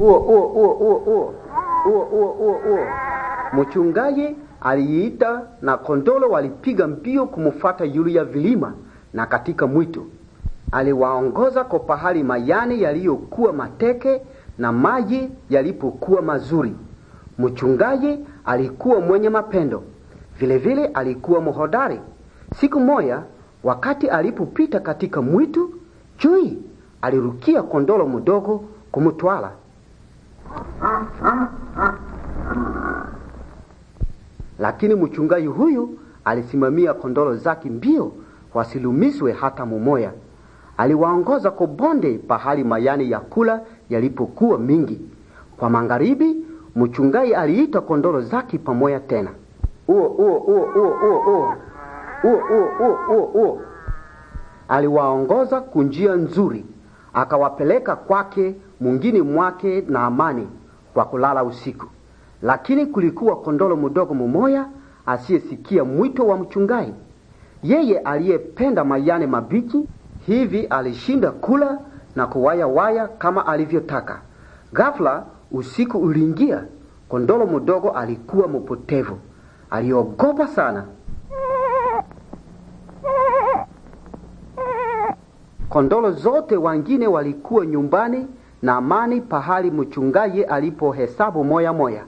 uo uo uo uo uo uo uo uo uo. Mchungaji aliita na kondolo walipiga mbio kumfuata ya vilima, na katika mwito aliwaongoza kwa pahali mayani yaliyokuwa mateke na maji yalipokuwa mazuri. Mchungaji alikuwa mwenye mapendo, vilevile vile alikuwa mhodari. Siku moja wakati alipopita katika mwitu, chui alirukia kondolo mdogo kumtwala. Lakini mchungaji huyu alisimamia kondoro zake mbio wasilumizwe hata mumoya. Aliwaongoza kwa bonde pahali mayani ya kula yalipokuwa mingi. Kwa magharibi, mchungaji aliita kondoro zake pamoya tena. Uo uo uo uo uo uo uo uo uo uo uo, aliwaongoza kunjia nzuri akawapeleka kwake mwingine mwake na amani kwa kulala usiku. Lakini kulikuwa kondolo mdogo mumoya asiyesikia mwito wa mchungaji, yeye aliyependa mayane mabichi. Hivi alishinda kula na kuwayawaya kama alivyotaka. Ghafla usiku uliingia. Kondolo mdogo alikuwa mpotevu, aliogopa sana. Kondolo zote wengine walikuwa nyumbani na mani pahali mchungaji hesabu moya moya,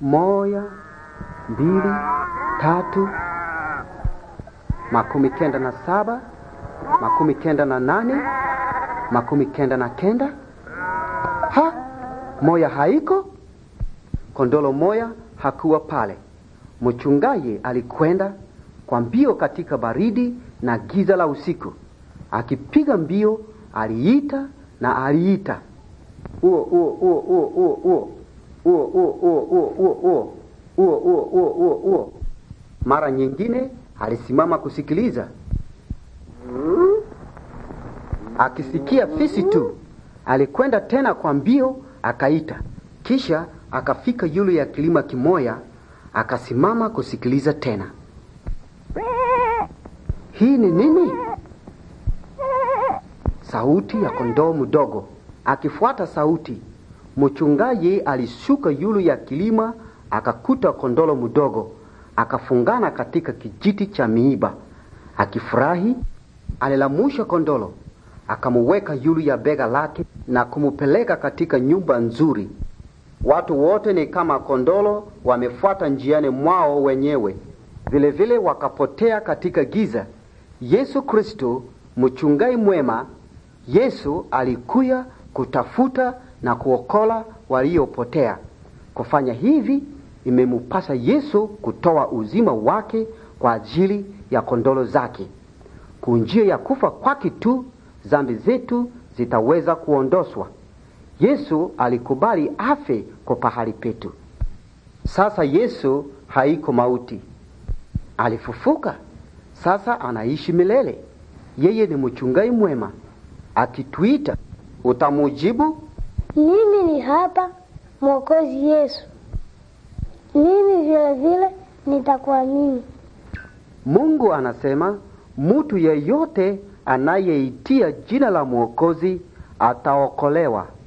moya mbili tatu, makumi kenda na saba, makumi kenda na nane, makumi kenda na kenda. Ha, moya haiko, kondolo moya hakuwa pale. Mchungaji alikwenda kwa mbio katika baridi na giza la usiku. Akipiga mbio aliita na aliita huo huo huo huo huo huo huo huo huo huo huo huo huo huo huo huo. Mara nyingine alisimama kusikiliza, akisikia fisi tu. Alikwenda tena kwa mbio akaita, kisha akafika yulu ya kilima kimoya, akasimama kusikiliza tena. Hii ni nini? sauti ya kondoo mdogo. Akifuata sauti, mchungaji alishuka yulu ya kilima, akakuta kondolo mdogo, akafungana katika kijiti cha miiba. Akifurahi, alilamusha kondolo, akamuweka yulu ya bega lake na kumupeleka katika nyumba nzuri. Watu wote ni kama kondolo, wamefuata njiani mwao wenyewe, vilevile vile wakapotea katika giza. Yesu Kristo mchungaji mwema Yesu alikuya kutafuta na kuokola waliopotea. Kufanya hivi imemupasa Yesu kutoa uzima wake kwa ajili ya kondolo zake. Kunjia ya kufa kwake tu zambi zetu zitaweza kuondoswa. Yesu alikubali afe kwa pahali petu. Sasa Yesu haiko mauti, alifufuka. Sasa anaishi milele. Yeye ni mchungaji mwema. Akituita utamujibu? Mimi ni hapa Mwokozi Yesu, mimi vilevile nitakuamini. Mungu anasema mutu yeyote anayeitia jina la Mwokozi ataokolewa.